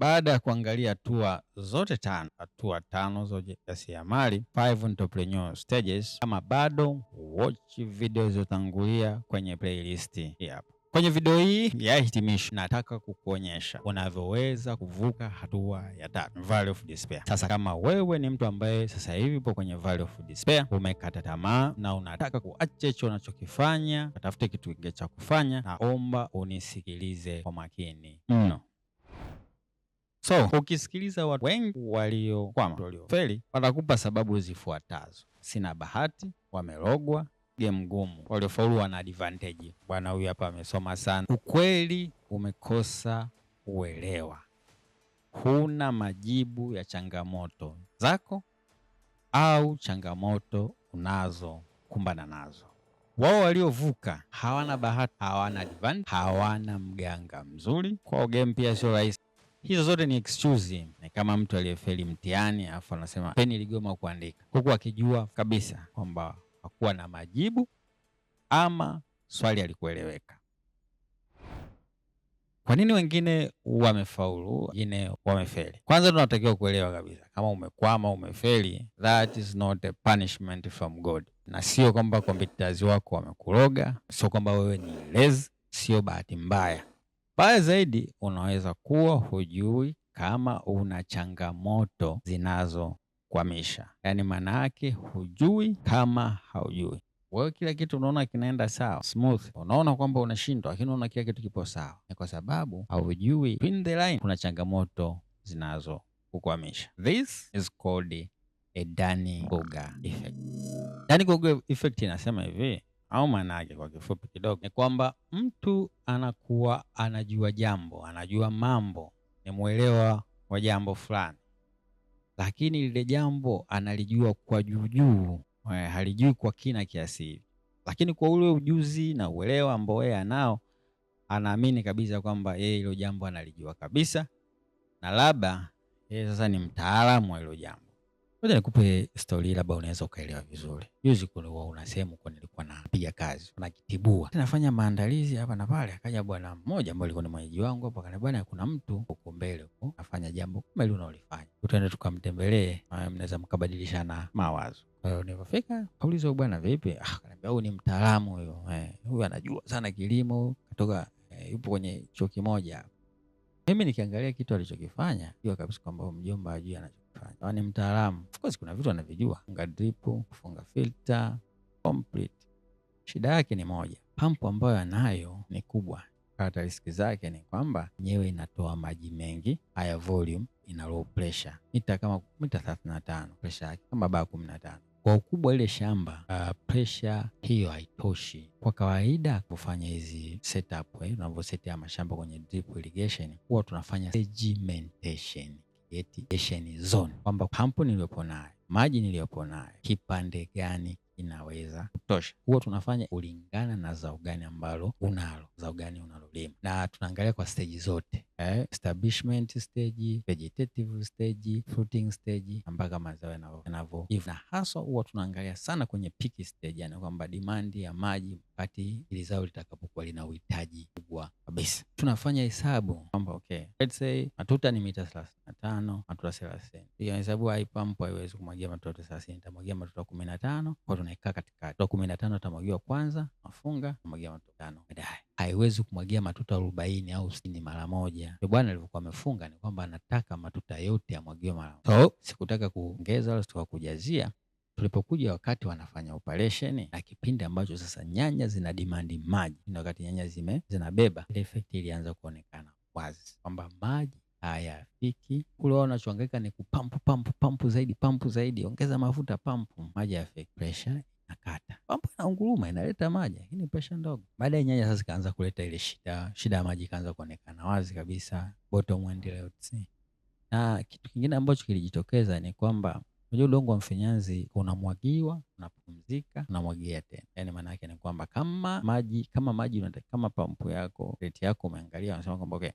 Baada ya kuangalia hatua zote tano, hatua tano za ujasiriamali, five entrepreneur stages, kama bado watch video zilizotangulia kwenye playlist hii Kwenye video hii ya hitimisho nataka kukuonyesha unavyoweza kuvuka hatua ya tatu, valley of despair. Sasa kama wewe ni mtu ambaye sasa hivi upo kwenye valley of despair, umekata tamaa na unataka kuacha hicho unachokifanya, katafute kitu kingine cha kufanya, naomba unisikilize kwa makini mno. So ukisikiliza watu wengi waliokwama, waliofeli, watakupa sababu zifuatazo: sina bahati, wamerogwa, game ngumu, waliofaulu wana advantage, bwana huyu hapa amesoma sana. Ukweli umekosa uelewa, huna majibu ya changamoto zako au changamoto unazokumbana nazo. Wao waliovuka hawana bahati, hawana advantage, hawana mganga mzuri. Kwao game pia sio rahisi. Hizo zote ni excuse. Ni kama mtu aliyefeli mtihani alafu anasema peni iligoma kuandika, huku akijua kabisa kwamba hakuwa na majibu ama swali alikueleweka. Kwa nini wengine wamefaulu, wengine wamefeli? Kwanza tunatakiwa kuelewa kabisa, kama umekwama, umefeli, that is not a punishment from God, na sio kwamba kompetitazi wako wamekuroga, sio kwamba wewe ni lazy, sio bahati mbaya. Mbaya zaidi, unaweza kuwa hujui kama una changamoto zinazokwamisha, yaani maana yake hujui kama haujui. Wewe kila kitu unaona kinaenda sawa smooth, unaona kwamba unashindwa, lakini unaona kila kitu kipo sawa. Ni kwa sababu haujui between the line kuna changamoto kukwamisha. This is called a Dunning-Kruger effect. Dunning-Kruger effect inasema hivi au maana yake kwa kifupi kidogo ni kwamba mtu anakuwa anajua jambo, anajua mambo, ni mwelewa wa jambo fulani, lakini lile jambo analijua kwa juujuu, eh, halijui kwa kina kiasi hivi. Lakini kwa ule ujuzi na uelewa ambao yeye anao, anaamini kabisa kwamba yeye hilo jambo analijua kabisa, na labda yeye sasa ni mtaalamu wa hilo jambo. Ngoja nikupe story labda unaweza ukaelewa vizuri. Juzi kulikuwa una sehemu kwa nilikuwa napiga kazi nakitibua, nafanya maandalizi hapa na pale, akaja bwana mmoja ambaye alikuwa ni mwenyeji wangu hapo, akaniambia bwana, kuna mtu huko mbele huko nafanya jambo kama ile unaolifanya, tutaenda tukamtembelee, ah, mnaweza mkabadilishana mawazo. Kwa hiyo nilipofika kauliza bwana, vipi? Ah, akaniambia huyu ni mtaalamu huyo, eh, huyu anajua sana kilimo, katoka eh, yupo kwenye chuo kimoja. Mimi nikiangalia kitu alichokifanya, jua kabisa kwamba mjomba ajui anachokifanya anafanya ni mtaalamu. Of course kuna vitu anavijua, funga drip, kufunga filter complete. Shida yake ni moja, pampu ambayo anayo ni kubwa. Karatariski zake ni kwamba yenyewe inatoa maji mengi, haya volume, ina low pressure, mita kama mita thelathini na tano pressure yake kama baa kumi na tano kwa ukubwa ile shamba uh, presha hiyo haitoshi. Kwa kawaida kufanya hizi setup eh, unavyosetia mashamba kwenye drip irrigation, huwa tunafanya sedge mitigation zone, kwamba pampu niliyopo nayo, maji niliyopo nayo, kipande gani inaweza kutosha. Huwa tunafanya kulingana na zao gani ambalo unalo, zao gani unalolima, na tunaangalia kwa steji zote eh, establishment stage, vegetative stage, fruiting stage mpaka mazao hivyo. na haswa huwa tunaangalia sana kwenye peak stage, yani kwamba dimandi ya maji wakati ili zao litakapokuwa lina uhitaji kubwa kabisa. Tunafanya hesabu kwamba okay, let's say matuta ni mita 35, na tano matuta thelathini hiyo hesabu pump haiwezi kumwagia matuta 30, itamwagia matuta kumi na tano kwa tunaikaa katikati, matuta kumi atamwagiwa kwanza, mafunga tamwagia matuta 5 baadaye haiwezi kumwagia matuta arobaini au sitini mara moja. Ndio Bwana alivyokuwa amefunga ni kwamba anataka matuta yote yamwagiwe mara moja. So oh. sikutaka kuongeza wala sitaka kujazia. Tulipokuja wakati wanafanya operesheni na kipindi ambacho sasa nyanya zina dimandi maji, na wakati nyanya zime zinabeba, ile efekti ilianza kuonekana wazi kwamba maji hayafiki kule. Wao wanachoangaika ni kupampu pampu pampu zaidi pampu zaidi, ongeza mafuta pampu, maji hayafiki. Presha nakata pampu na nguruma inaleta maji, lakini presha ndogo. Baada ya nyanya sasa ikaanza kuleta ile shida, shida ya maji ikaanza kuonekana wazi kabisa, bottom end layouts. Na kitu kingine ambacho kilijitokeza ni kwamba unajua udongo wa mfinyanzi unamwagiwa, unapumzika, unamwagia tena. Yaani maana yake ni kwamba kama maji kama maji kama pampu yako reti yako umeangalia, unasema kwamba okay,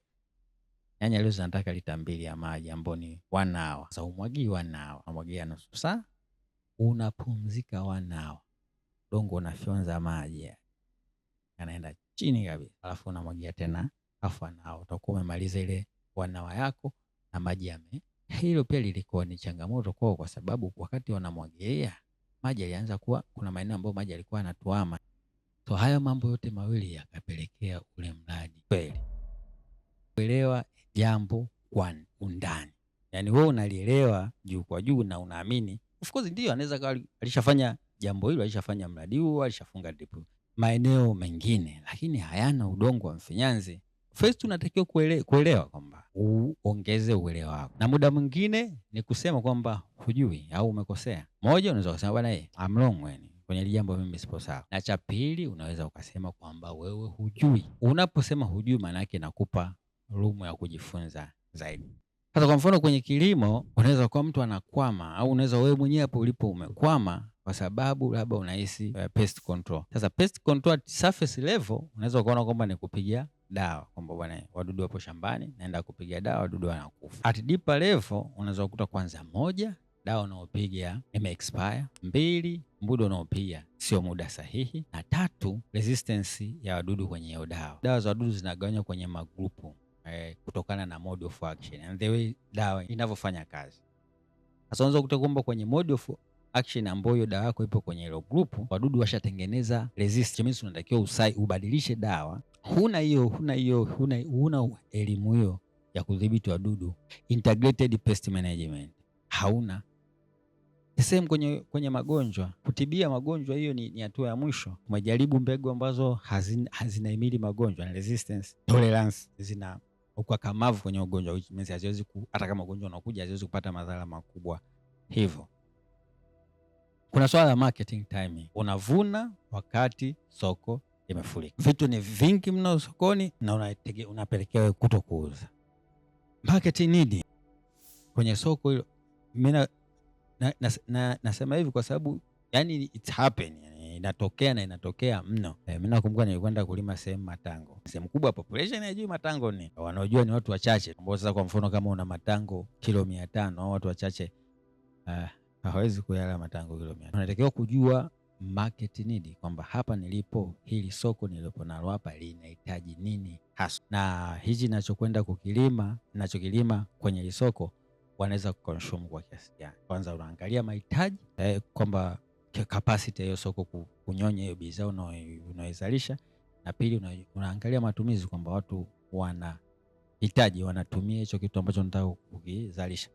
nyanya leo zinataka lita mbili ya maji ambao ni one hour. Sasa umwagii one hour, unamwagia nusu saa, unapumzika one hour udongo unafyonza maji anaenda chini kabisa, alafu unamwagia tena kafa, nao utakuwa umemaliza ile wanawa yako na maji yame. Hilo pia lilikuwa ni changamoto kwao, kwa sababu wakati wanamwagia maji alianza kuwa kuna maeneo ambayo maji alikuwa anatuama. So hayo mambo yote mawili yakapelekea ule mradi kweli kuelewa jambo kwa undani, yani wewe unalielewa juu kwa juu na unaamini, of course ndio anaweza alishafanya jambo hilo, alishafanya mradi huo, alishafunga dip maeneo mengine, lakini hayana udongo wa mfinyanzi. First unatakiwa kuele, kuelewa kwamba uongeze uelewa wako, na muda mwingine ni kusema kwamba hujui au umekosea. Moja, unaweza kusema bwana, eh I'm wrong when kwenye hili jambo mimi sipo sawa, na cha pili unaweza ukasema kwamba wewe hujui. Unaposema hujui, maana yake nakupa rumu ya kujifunza zaidi. Sasa kwa mfano kwenye kilimo, unaweza kuwa mtu anakwama, au unaweza wewe mwenyewe hapo ulipo umekwama kwa sababu labda unahisi uh, pest control. Sasa pest control at surface level unaweza ukaona kwamba ni kupiga dawa kwamba bwana, wadudu wapo shambani, naenda kupiga dawa, wadudu wanakufa. At deeper level unaweza kukuta kwanza, moja, dawa unaopiga ime expire; mbili, mbudu unaopiga sio muda sahihi; na tatu, resistance ya wadudu kwenye hiyo dawa. Dawa za wadudu zinagawanywa kwenye magrupu eh, kutokana na mode of action and the way dawa inavyofanya kazi. Sasa unaweza kukuta kwamba kwenye mode of action ambayo dawa yako ipo kwenye hilo group, wadudu washatengeneza resist, means Unatakiwa usai ubadilishe dawa. Huna hiyo huna hiyo huna, huna elimu hiyo ya kudhibiti wadudu, integrated pest management hauna. The same kwenye, kwenye magonjwa, kutibia magonjwa hiyo ni hatua ya mwisho. Umejaribu mbegu ambazo hazin, hazina magonjwa na resistance tolerance zina ukakamavu kwenye ugonjwa, which means haziwezi hata kama ugonjwa unakuja haziwezi kupata madhara makubwa hivyo kuna swala la marketing timing. Unavuna wakati soko limefurika, vitu ni vingi mno sokoni na unapelekewa kuto kuuza. Marketing nini kwenye soko hilo? Mimi na, na, na, nasema hivi kwa sababu yani it happen, yani inatokea na inatokea mno. E, mimi nakumbuka nilikwenda kulima sehemu matango, sehemu kubwa population hajui matango ni, wanaojua ni watu wachache ambao sasa, kwa mfano kama una matango kilo mia tano au watu wachache uh, hawezi kuyala matango kilo mia. Unatakiwa kujua market need kwamba hapa nilipo, hili soko nilipo nalo hapa linahitaji nini hasa, na hichi nachokwenda kukilima, nachokilima kwenye hili soko wanaweza kuconsume kwa kiasi gani. Kwanza unaangalia mahitaji eh, kwamba capacity ya hiyo soko kunyonya hiyo bidhaa unaoizalisha, na pili unaangalia matumizi kwamba watu wanahitaji wanatumia hicho kitu ambacho nataka kukizalisha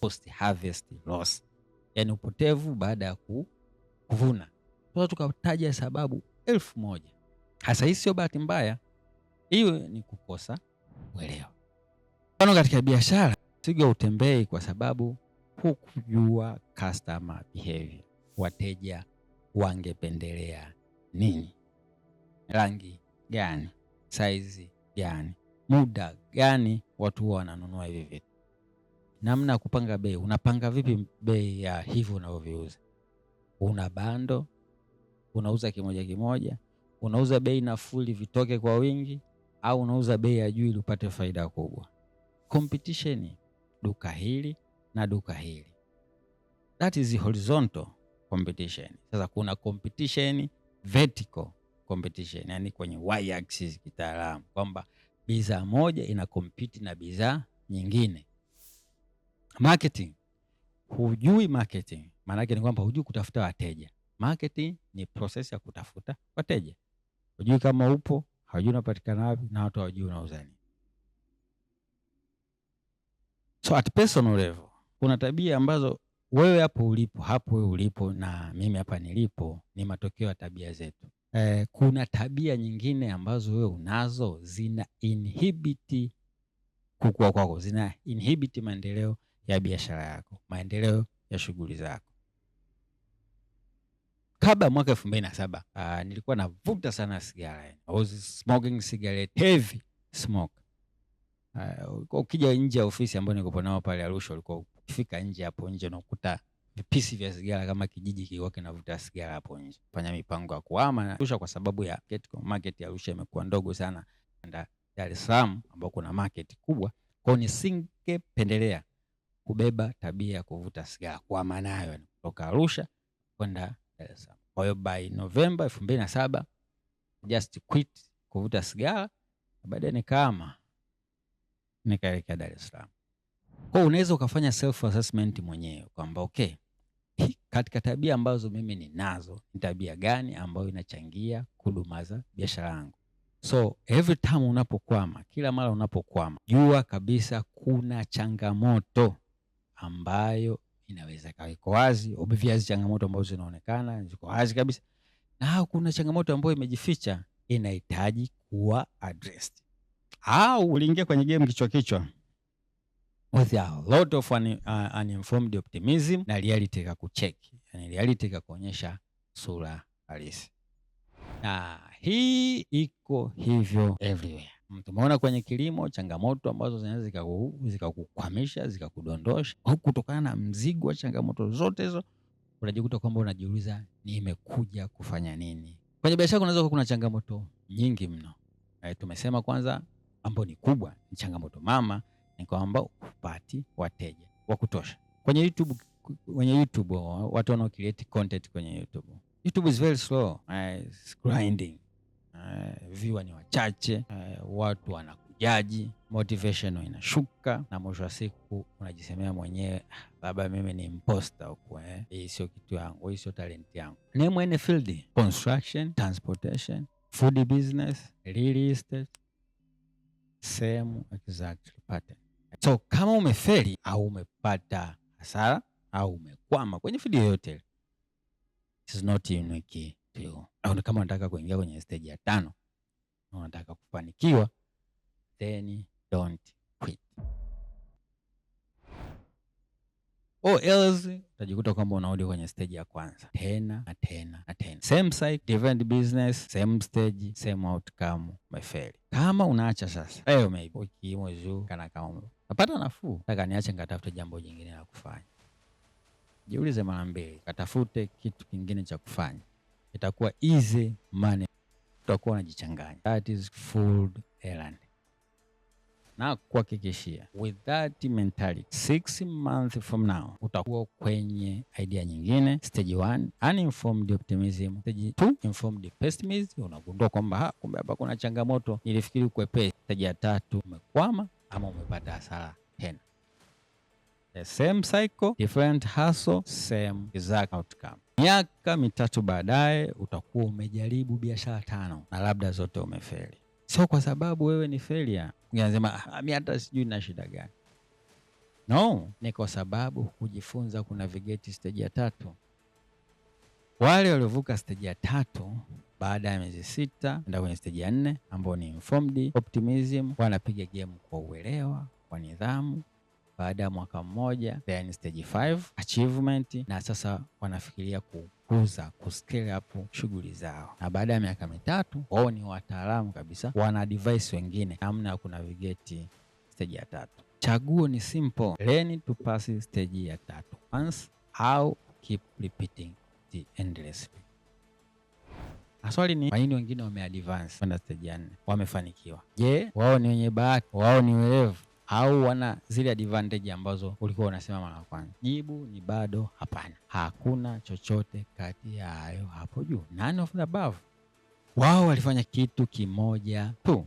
post harvest loss, yani upotevu baada ya kuvuna. Sasa tukataja sababu elfu moja. Hasa hii sio bahati mbaya, hiyo ni kukosa uelewa. Mfano, katika biashara siga utembei kwa sababu hukujua customer behavior, wateja wangependelea nini, rangi gani, size gani, muda gani watu wananunua hivi vitu namna ya kupanga bei. Unapanga vipi bei ya hivyo unavyoviuza? Una bando, unauza kimoja kimoja, unauza bei nafuli vitoke kwa wingi, au unauza bei ya juu ili upate faida kubwa? Competition, duka hili na duka hili, that is horizontal competition. Sasa kuna competition vertical competition, yani kwenye y axis kitaalamu, kwamba bidhaa moja ina compete na bidhaa nyingine Marketing. Hujui marketing, maana yake ni kwamba hujui kutafuta wateja. Marketing ni process ya kutafuta wateja. Hujui kama upo, hujui unapatikana wapi, na watu hawajui unauza nini. So at personal level kuna tabia ambazo wewe hapo ulipo hapo wewe ulipo na mimi hapa nilipo ni matokeo ya tabia zetu. Eh, kuna tabia nyingine ambazo wewe unazo zina inhibit kukua kwako, zina inhibit maendeleo ya biashara yako, maendeleo ya shughuli zako. Kabla ya mwaka elfu mbili na saba uh, nilikuwa navuta sana sigara I was smoking cigarette, heavy smoke. Ah, uh, ukija nje ya ofisi ambayo nilikuwa nao pale Arusha, ulikuwa ukifika nje hapo nje unakuta vipisi vya sigara kama kijiji kilikuwa kinavuta sigara hapo nje. Fanya mipango ya kuhama Arusha kwa sababu ya market market ya Arusha imekuwa ndogo sana, na Dar es Salaam ambao kuna market kubwa kwao, nisingependelea kubeba tabia ya kuvuta sigara kwa maana hayo, kutoka Arusha kwenda Dar es Salaam. Kwa hiyo by November 2007 just quit kuvuta sigara, baadaye nikaama nikaelekea Dar es Salaam. Kwa unaweza ukafanya self assessment mwenyewe kwamba okay, katika tabia ambazo mimi ninazo ni tabia gani ambayo inachangia kudumaza biashara yangu? So every time unapokwama, kila mara unapokwama, jua kabisa kuna changamoto ambayo inaweza ikawa iko wazi, obvious changamoto ambazo zinaonekana ziko wazi kabisa, na kuna changamoto ambayo imejificha inahitaji kuwa addressed. Au uliingia kwenye game kichwa kichwa with a lot of un, uh, uninformed optimism na reality ka kucheck, yani reality ka kuonyesha sura halisi, na hii iko hivyo everywhere. Mm, tumeona kwenye kilimo changamoto ambazo zinaweza zikakukwamisha zikakudondosha, au kutokana na mzigo wa changamoto zote hizo unajikuta kwamba unajiuliza nimekuja kufanya nini? Kwenye biashara kunaweza kuwa kuna changamoto nyingi mno. E, tumesema kwanza ambayo ni kubwa ni changamoto mama ni kwamba upati wateja wa kutosha kwenye YouTube. Kwenye YouTube watu wanao create content kwenye YouTube, YouTube is very slow, eh, it's grinding uh, viwa ni wachache uh, watu wanakujaji, motivation inashuka, na mwisho wa siku unajisemea mwenyewe ah, baba, mimi ni imposter huku, eh. Hii sio kitu yangu, hii sio talenti yangu. Name any field: construction, transportation, food business, real estate. Same exactly pattern. So kama umefeli au umepata hasara au umekwama kwenye field yoyote, it is not unique matokeo, au kama unataka kuingia kwenye stage ya tano na unataka kufanikiwa, then don't quit or oh, else utajikuta kwamba unarudi kwenye stage ya kwanza tena na tena na tena, same site, different business, same stage, same outcome. Umefeli kama unaacha sasa, leo eh, maybe wiki mwezi, kana kama napata nafuu, taka niache nikatafute jambo jingine la kufanya. Jiulize mara mbili, katafute kitu kingine cha kufanya itakuwa easy money, utakuwa unajichanganya. That is fooled errand. Na kuhakikishia with that mentality, six months from now utakuwa kwenye idea nyingine. Stage one, uninformed optimism, stage two, informed pessimism. Unagundua kwamba kumbe hapa kuna changamoto, nilifikiri kwepesi. Stage ya tatu umekwama ama umepata hasara tena. The same cycle, different hustle, same exact outcome. Miaka mitatu baadaye utakuwa umejaribu biashara tano na labda zote umefeli. Sio kwa sababu wewe ni failure. Unasema ah, mimi hata sijui na shida gani? No, ni kwa sababu kujifunza kuna vigeti steji ya tatu. Wale waliovuka steji ya tatu baada ya miezi sita enda kwenye steji ya nne, ambao ni informed optimism, wanapiga game kwa uelewa, kwa nidhamu baada ya mwaka mmoja, then stage 5 achievement, na sasa wanafikiria ku kuza kuscale up shughuli zao, na baada ya miaka mitatu wao ni wataalamu kabisa, wana device wengine namna ya kunavigeti stage ya tatu. Chaguo ni simple, learn to pass stage ya tatu once au keep repeating the endless na swali ni kwa nini wengine wameadvance kwenda stage ya nne, wamefanikiwa? Je, wao ni wenye bahati? Wao ni werevu? au wana zile advantage ambazo ulikuwa unasema mara ya kwanza? Jibu ni bado hapana. Hakuna chochote kati ya hayo hapo juu, none of the above. Wao walifanya kitu kimoja tu,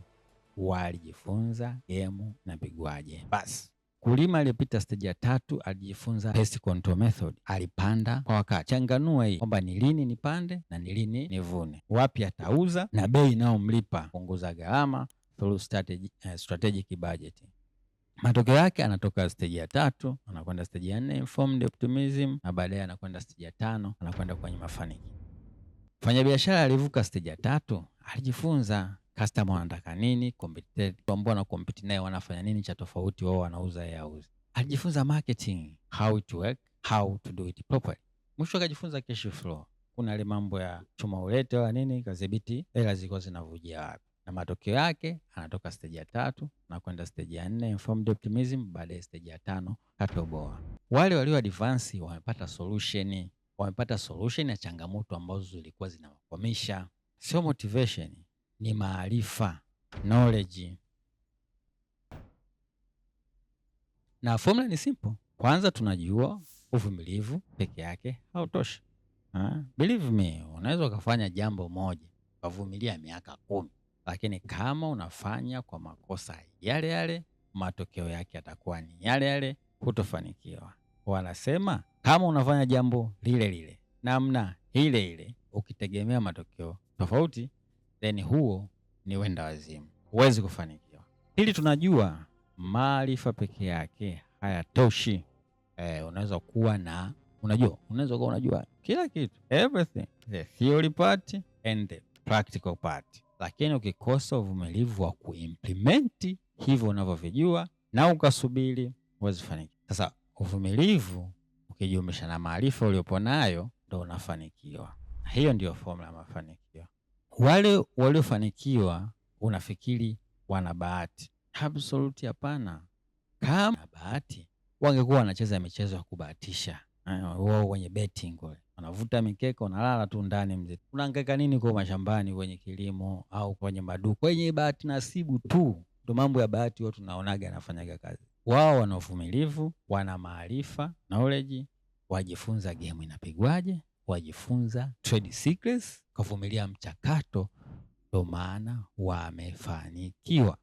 walijifunza gemu na pigwaje basi. Kulima aliyopita stage ya tatu alijifunza pest control method, alipanda kwa wakati. Changanua hii kwamba ni lini nipande na ni lini nivune, wapi atauza na bei inayomlipa, punguza gharama through eh, strategic budgeting. Matokeo yake anatoka steji ya tatu anakwenda steji ya nne informed optimism, na baadaye anakwenda steji ya tano anakwenda kwenye mafanikio. Mfanyabiashara alivuka steji ya tatu, alijifunza customer wanataka nini, competitor ambao na compete naye wanafanya nini cha tofauti, wao wanauza yeye auze. Alijifunza marketing, how to work, how to do it properly. Mwisho akajifunza cash flow, kuna ile mambo ya chuma ulete wala nini, kadhibiti hela zilikuwa zinavujia wapi na matokeo yake anatoka steji ya tatu na kwenda steji ya nne informed optimism, baada ya steji ya tano katoboa. Wale walio advance wamepata solution, wamepata solution ya changamoto ambazo zilikuwa zinawakwamisha. Sio motivation, ni maarifa knowledge, na formula ni simple. Kwanza tunajua uvumilivu peke yake hautoshi. Ah, believe me, unaweza ukafanya jambo moja ukavumilia miaka kumi lakini kama unafanya kwa makosa yale yale, matokeo yake yatakuwa ni yale yale, hutofanikiwa. Wanasema kama unafanya jambo lile lile namna ile ile ukitegemea matokeo tofauti, then huo ni wenda wazimu, huwezi kufanikiwa. Hili tunajua, maarifa peke yake hayatoshi. Eh, unaweza kuwa na unajua, unaweza kuwa unajua kila kitu, everything, the theory part and the practical part lakini ukikosa uvumilivu wa kuimplimenti hivyo unavyovijua na ukasubiri, huwezi fanikiwa. Sasa uvumilivu ukijumlisha na maarifa uliopo nayo ndo unafanikiwa. Hiyo ndiyo fomula ya mafanikio. Wale waliofanikiwa unafikiri wana bahati? Absoluti hapana. Kama bahati wangekuwa wanacheza michezo ya kubahatisha wao wenye betting wanavuta mikeka, wanalala tu ndani mzee. Unahangaika nini kwa mashambani, kwenye kilimo au kwenye maduka? Kwenye bahati nasibu tu ndo mambo ya bahati watu naonaga anafanyaga kazi. Wao wana uvumilivu, wana maarifa knowledge, wajifunza game inapigwaje, wajifunza trade secrets, kavumilia mchakato, ndo maana wamefanikiwa.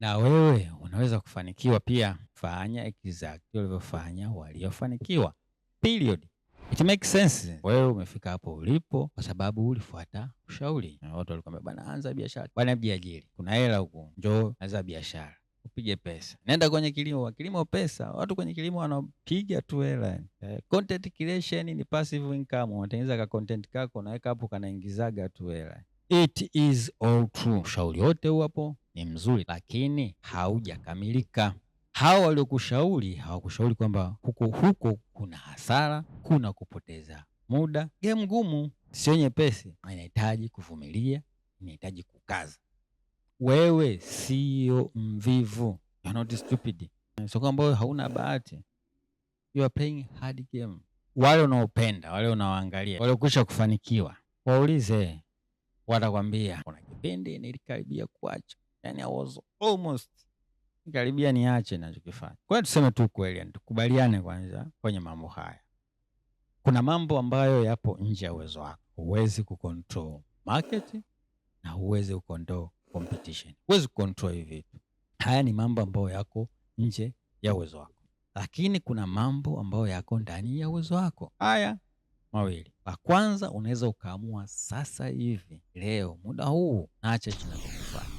Na wewe unaweza kufanikiwa pia. Fanya exactly walivyofanya waliofanikiwa, period. It makes sense. Wewe umefika hapo ulipo kwa sababu ulifuata ushauri. Watu walikwambia bwana, anza biashara, bwana, jiajiri, kuna hela huku, njoo anza biashara upige pesa, nenda kwenye kilimo, kilimo pesa. Watu kwenye kilimo wanapiga tu hela. Eh, content creation ni passive income, unatengeneza ka content kako, unaweka hapo, kanaingizaga tu hela. It is all true. Ushauri wote huo hapo ni mzuri, lakini haujakamilika hawa waliokushauri hawakushauri kwamba huko huko kuna hasara, kuna kupoteza muda. gemu ngumu, sio nyepesi, inahitaji kuvumilia, inahitaji kukaza. Wewe sio mvivu, you not stupid. Sio kwamba wewe hauna bahati, you are playing hard game. Wale unaopenda wale unaoangalia waliokwisha kufanikiwa, waulize, watakwambia kuna kipindi nilikaribia kuacha, yani I was almost karibia niache ninachokifanya. Kwa hiyo tuseme tu kweli, tukubaliane kwanza kwenye mambo haya. Kuna mambo ambayo yapo nje ya uwezo wako, huwezi kucontrol market na huwezi kucontrol competition, huwezi kucontrol hivi vitu. Haya ni mambo ambayo yako nje ya uwezo wako, lakini kuna mambo ambayo yako ndani ya uwezo wako. Haya mawili, la kwanza unaweza ukaamua sasa hivi leo, muda huu, naacha chinakokufanya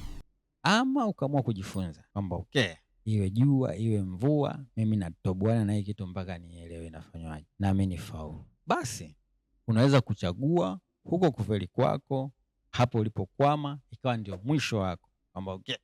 ama ukaamua kujifunza kwamba okay, iwe jua iwe mvua, mimi natobwana na hii kitu mpaka nielewe inafanywaje nami faulu Basi unaweza kuchagua huko kufeli kwako, hapo ulipokwama ikawa ndio mwisho wako, kwamba okay,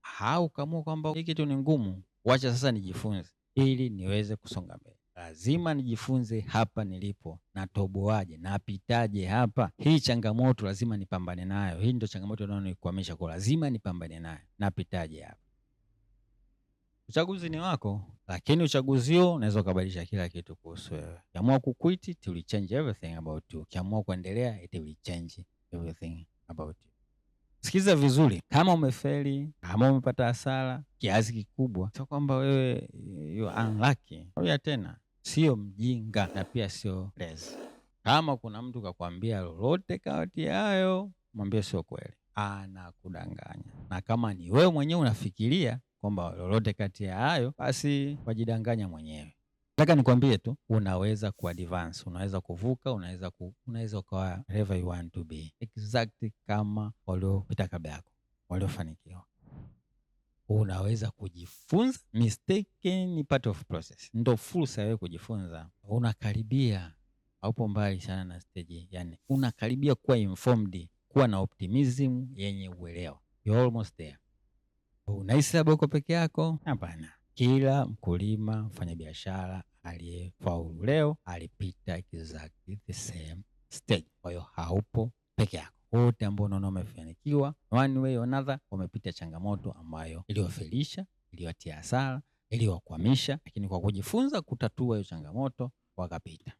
ha ukaamua kwamba hii kitu ni ngumu, wacha sasa nijifunze ili niweze kusonga mbele lazima nijifunze hapa nilipo, natoboaje, napitaje hapa. Hii changamoto lazima nipambane nayo. Hii ndio changamoto inayonikwamisha kwa, lazima nipambane nayo, napitaje hapa. Uchaguzi ni wako, lakini uchaguzi huo unaweza ukabadilisha kila kitu kuhusu wewe. Ukiamua kuquit it will change everything about you. Ukiamua kuendelea it will change everything about you. Sikiza vizuri, kama umefeli, kama umepata hasara kiasi kikubwa, sio kwamba wewe you are unlucky. Oya tena sio mjinga na pia sio lezi. Kama kuna mtu kakwambia lolote kati hayo, mwambie sio kweli, anakudanganya. Na kama ni wewe mwenyewe unafikiria kwamba lolote kati ya hayo, basi wajidanganya mwenyewe. Nataka nikwambie tu, unaweza ku advance, unaweza kuvuka, unaweza ku, unaweza ukawa wherever you want to be, exactly kama waliopita kabla yako waliofanikiwa unaweza kujifunza mistake ni part of process, ndo fursa yawe kujifunza. Unakaribia, haupo mbali sana na stage, yani unakaribia kuwa informed, kuwa na optimism yenye uelewa, you almost there. Unahisi labda uko peke yako? Hapana, kila mkulima, mfanyabiashara aliyefaulu leo alipita exactly the same stage. Kwa hiyo haupo peke yako wote ambao unaona wamefanikiwa one way or another wamepita changamoto ambayo iliwafilisha, iliwatia hasara, iliwakwamisha, lakini kwa kujifunza kutatua hiyo changamoto wakapita.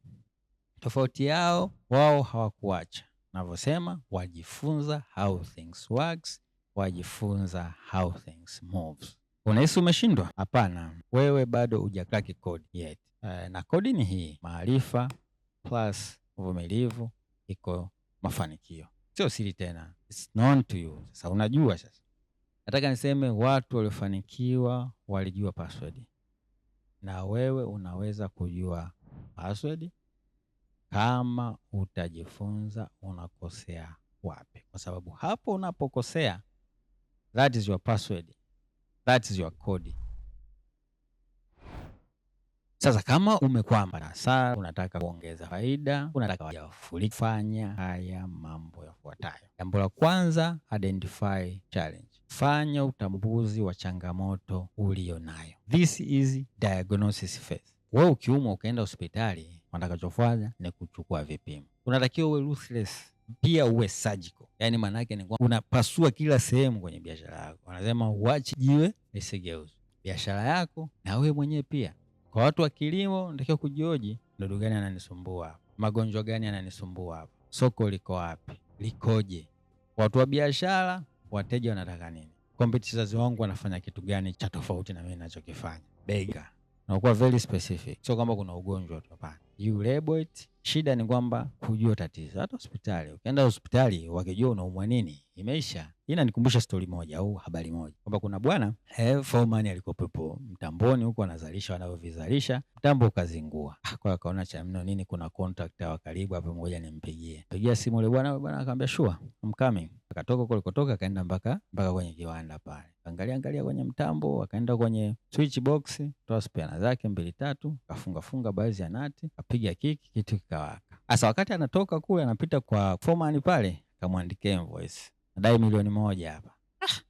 Tofauti yao wao hawakuacha, navyosema wajifunza how things works, wajifunza how things moves. Unahisi umeshindwa? Hapana, wewe bado hujakraki kodi yet. Uh, na kodi ni hii maarifa plus uvumilivu iko mafanikio sio siri tena, it's known to you. Sasa unajua. Sasa nataka niseme watu waliofanikiwa walijua password, na wewe unaweza kujua password kama utajifunza unakosea wapi, kwa sababu hapo unapokosea, that is your password, that is your code. Sasa kama umekwama na hasara, unataka kuongeza faida, unataka wajafurika, fanya haya mambo yafuatayo. Jambo la kwanza, identify challenge. Fanya utambuzi wa changamoto ulionayo. This is diagnosis phase. ukiumwa ukaenda hospitali, watakachofanya ni kuchukua vipimo. Unatakiwa uwe ruthless, pia uwe surgical. Yaani maana yake ni kwamba unapasua kila sehemu kwenye biashara yako. Wanasema uache jiwe lisigeuzwe. Biashara yako na wewe mwenyewe pia kwa watu wa kilimo, natakiwa kujioji, dudu gani ananisumbua hapa? Magonjwa gani yananisumbua hapa? Soko liko wapi? Likoje? Watu wa biashara, wateja wanataka nini? Competitors wangu wanafanya kitu gani cha tofauti na mimi ninachokifanya? Bega nakuwa very specific, sio kwamba kuna ugonjwa tu, hapana. You label it. Shida ni kwamba kujua tatizo. Hata hospitali ukienda hospitali, wakijua unaumwa nini, imeisha inanikumbusha stori moja au habari moja kwamba kuna bwana eh, Foreman alikuwepo mtamboni huko anazalisha wanavyovizalisha, mtambo ukazingua. Ah, kwa akaona cha mno nini, kuna contact wa karibu hapo, ngoja nimpigie. Pigia simu ule bwana, bwana akaambia sure I'm coming. Akatoka huko alikotoka akaenda mpaka mpaka kwenye kiwanda pale, angalia angalia kwenye mtambo, akaenda kwenye switch box, toa spana zake mbili tatu, kafunga funga baadhi ya nati, akapiga kiki, kitu kikawaka. Sasa wakati anatoka kule, anapita kwa Foreman pale, akamwandikia invoice nadai milioni moja hapa.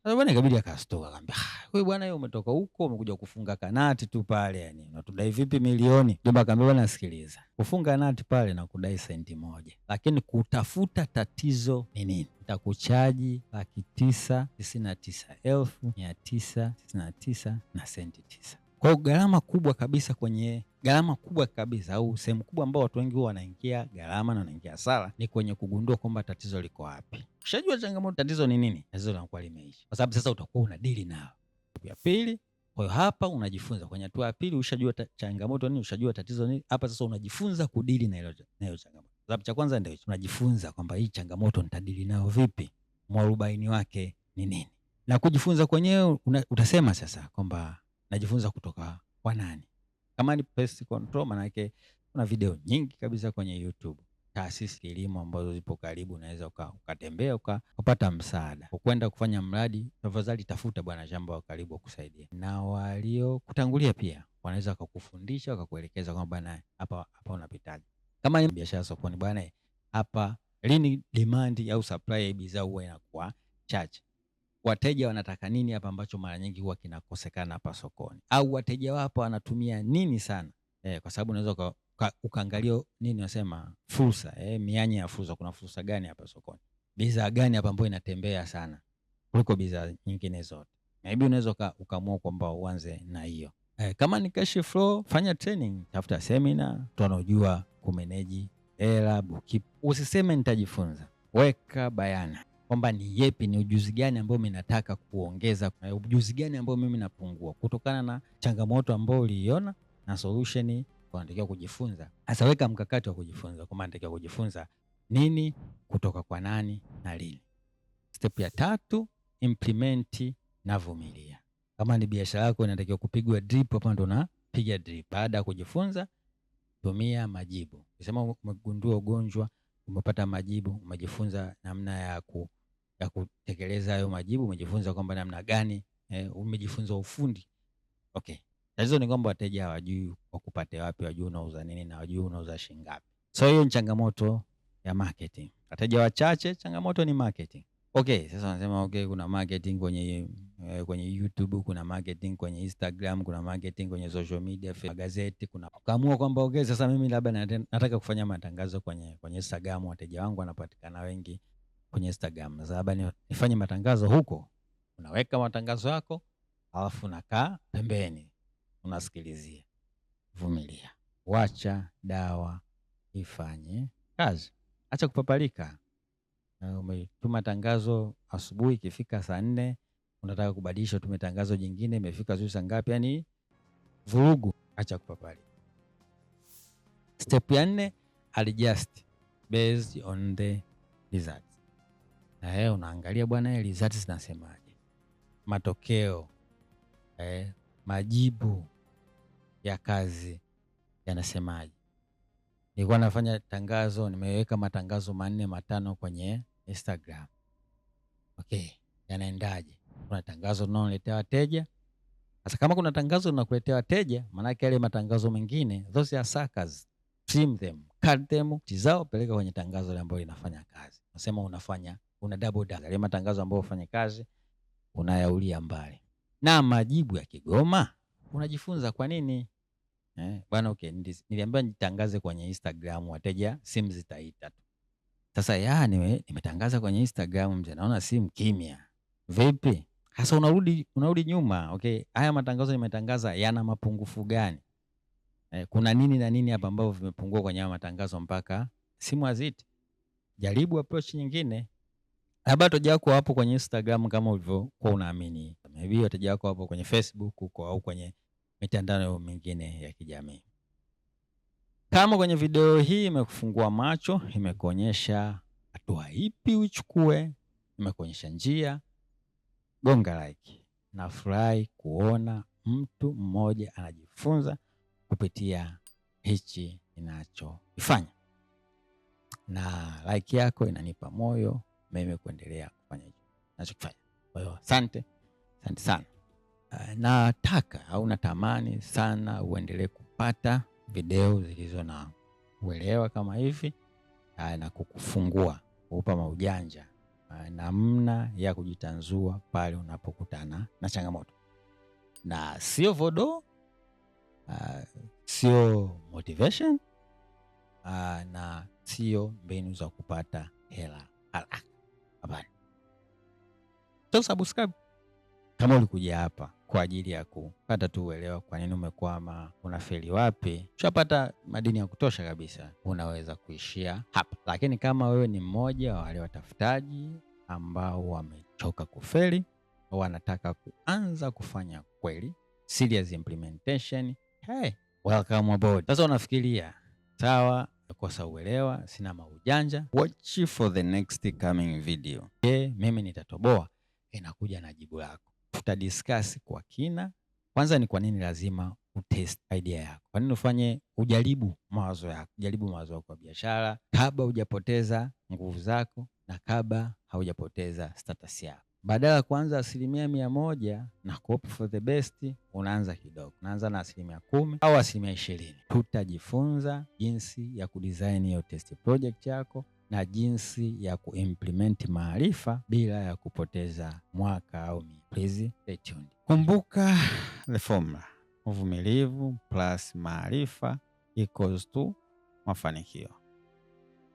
Ah, bwana ikabidi akastoka akamwambia, ah, "Wewe bwana wewe umetoka huko umekuja kufunga kanati tu pale yani. Unatudai vipi milioni?" Jomba akamwambia, "Bwana sikiliza. Kufunga kanati pale na kudai senti moja. Lakini kutafuta tatizo ni nini? Nitakuchaji laki tisa tisini na tisa elfu mia tisa tisini na tisa na senti tisa." Kwa hiyo gharama kubwa kabisa kwenye gharama kubwa kabisa au sehemu kubwa ambao watu wengi huwa wanaingia gharama na wanaingia hasara ni kwenye kugundua kwamba tatizo liko wapi. Ushajua changamoto, tatizo ni nini, tatizo linakuwa limeisha, kwa sababu sasa utakuwa una dili nao. Ya pili, kwa hiyo hapa unajifunza kwenye hatua ya pili, ushajua changamoto nini, ushajua tatizo nini. Hapa sasa unajifunza kudili na hiyo changamoto, sababu cha kwanza ndio unajifunza kwamba hii changamoto nitadili nayo vipi, mwarubaini wake ni nini, na kujifunza kwenyewe utasema sasa kwamba najifunza kutoka kwa nani? Kama ni pest control, manake kuna video nyingi kabisa kwenye YouTube taasisi kilimo ambazo zipo karibu, unaweza ukatembea uka, ukapata msaada ukwenda kufanya mradi. Tafadhali tafuta bwana shamba wa karibu wakusaidia, na waliokutangulia pia wanaweza wakakufundisha wakakuelekeza kwamba bwana, hapa hapa unapitaje. Kama ni biashara sokoni, bwana, hapa lini demand au supply ya bidhaa huwa inakuwa chache wateja wanataka nini hapa ambacho mara nyingi huwa kinakosekana hapa sokoni, au wateja wapo wanatumia nini sana eh, kwa sababu unaweza ukaangalia nini unasema fursa eh, mianya ya fursa. Kuna fursa gani hapa sokoni? Bidhaa gani hapa ambayo inatembea sana kuliko bidhaa nyingine zote? Maybe unaweza ukaamua kwamba uanze na hiyo eh. Kama ni cash flow, fanya training, tafuta seminar, tunaojua kumeneji hela, bookkeeping. Usiseme nitajifunza, weka bayana kwamba ni yepi, ni ujuzi gani ambao mimi nataka kuongeza, ujuzi gani ambao mimi napungua kutokana na changamoto ambayo uliiona na solution kwa anatakiwa kujifunza. Asaweka mkakati wa kujifunza, kwa maana anatakiwa kujifunza nini, kutoka kwa nani na lini. Step ya tatu, implement na vumilia. Kama ni biashara yako inatakiwa kupigwa drip, hapa ndo unapiga drip. Baada ya kujifunza, tumia majibu. Ukisema umegundua ugonjwa, umepata majibu, umejifunza namna ya ku ya kutekeleza hayo majibu. Umejifunza kwamba namna gani eh, umejifunza ufundi okay. Tatizo ni kwamba wateja hawajui wakupate wapi, wajui unauza nini na wajui unauza shilingi ngapi. So hiyo ni changamoto ya marketing. Wateja wachache, changamoto ni marketing. Okay, sasa wanasema okay, kuna marketing kwenye eh, kwenye YouTube, kuna marketing kwenye Instagram, kuna marketing kwenye social media, magazeti, kuna kaamua kwamba okay, sasa mimi labda nataka kufanya matangazo kwenye kwenye Instagram, wateja wangu wanapatikana wengi kwenye Instagram. Labda nifanye matangazo huko, unaweka matangazo yako, alafu unakaa pembeni unasikilizia. Vumilia, wacha dawa ifanye kazi, acha kupapalika. Umetuma tangazo asubuhi, ikifika saa nne unataka kubadilisha, utume tangazo jingine, imefika sijui saa ngapi, yani vurugu. Acha kupapalika. Step ya nne, adjust based on the results na wewe unaangalia bwana, results zinasemaje, matokeo eh, majibu ya kazi yanasemaje. Nilikuwa nafanya tangazo, nimeweka matangazo manne matano kwenye Instagram. Okay, yanaendaje? Kuna tangazo linaloletea wateja sasa. Kama kuna tangazo linakuletea wateja, maanake yale matangazo mengine, those are suckers, trim them, cut them, tizao, peleka kwenye tangazo ambalo linafanya kazi. Nasema unafanya una double down. Yale matangazo ambayo ufanye kazi unayaulia mbali na majibu ya Kigoma unajifunza kwa nini eh, bwana okay, niliambiwa nitangaze kwenye Instagram wateja simu zitaita tu. Sasa ya niwe nimetangaza kwenye Instagram mzee, naona simu kimya. Vipi sasa, Unarudi unarudi nyuma. Okay, haya matangazo nimetangaza yana mapungufu gani? Eh, kuna nini na nini hapa ambavyo vimepungua kwenye haya matangazo mpaka simu haziti? Jaribu approach nyingine. Labda wateja wako wapo kwenye Instagram kama ulivyokuwa unaamini, maybe wateja wako wapo kwenye Facebook huko au kwenye mitandao mingine ya kijamii. Kama kwenye video hii imekufungua macho, imekuonyesha hatua ipi uchukue, imekuonyesha njia, gonga like. Nafurahi kuona mtu mmoja anajifunza kupitia hichi inachokifanya na like yako inanipa moyo mimi kuendelea kufanya hicho nachokifanya. Kwa hiyo asante, asante sana. Ah, nataka au natamani sana uendelee kupata video zilizo na uelewa kama hivi ah, na kukufungua upa maujanja ah, namna ya kujitanzua pale unapokutana na changamoto, na sio vodo uh, sio motivation uh, na sio mbinu za kupata hela haraka. Hapana. So subscribe kama ulikuja hapa kwa ajili ya kupata tu uelewa, kwa nini umekwama, unafeli wapi. Ushapata madini ya kutosha kabisa, unaweza kuishia hapa. Lakini kama wewe ni mmoja wa wale watafutaji ambao wamechoka kufeli, wanataka kuanza kufanya kweli serious implementation, hey, welcome aboard. Sasa unafikiria sawa Nimekosa uelewa, sina maujanja. Watch for the next coming video. Je, mimi nitatoboa? Inakuja na jibu lako, tutadiscuss kwa kina. Kwanza ni kwa nini lazima utest idea yako, kwa nini ufanye, ujaribu mawazo yako, jaribu mawazo yako kwa biashara kabla hujapoteza nguvu zako na kabla haujapoteza status yako badala ya kuanza asilimia mia moja na hope for the best, unaanza kidogo, unaanza na asilimia kumi au asilimia ishirini. Tutajifunza jinsi ya kudesign hiyo test project yako na jinsi ya kuimplement maarifa bila ya kupoteza mwaka au mi. Please stay tuned. Kumbuka the formula, uvumilivu plus maarifa equals to mafanikio.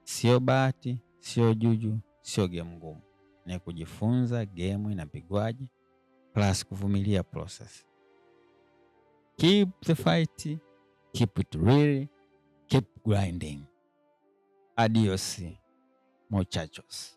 Sio bahati, sio juju, sio game ngumu ni kujifunza gemu inapigwaje plus kuvumilia process. Keep the fight, keep it real, keep grinding. Adios muchachos.